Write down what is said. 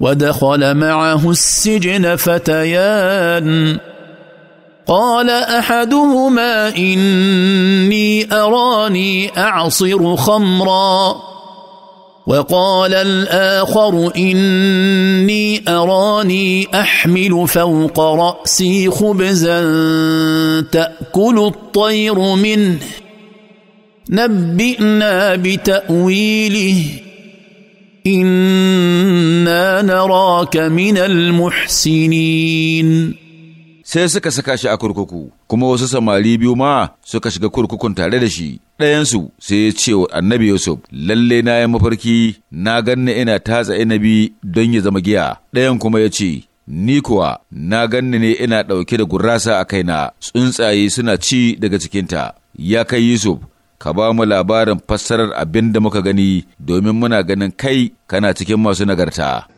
ودخل معه السجن فتيان قال احدهما اني اراني اعصر خمرا وقال الاخر اني اراني احمل فوق راسي خبزا تاكل الطير منه نبئنا بتاويله إن نراك من المحسنين sai suka saka shi a kurkuku kuma wasu samari biyu ma suka shiga kurkukun tare da shi ɗayansu sai ya ce wa annabi yusuf lalle na yi mafarki na ganni ina tatsa inabi don ya zama giya ɗayan kuma ya ce ni kuwa na ganni ne ina ɗauke da gurasa a kaina tsuntsaye suna ci daga cikinta ya kai yusuf ka ba mu labarin fassarar abin da muka gani domin muna ganin kai kana cikin masu nagarta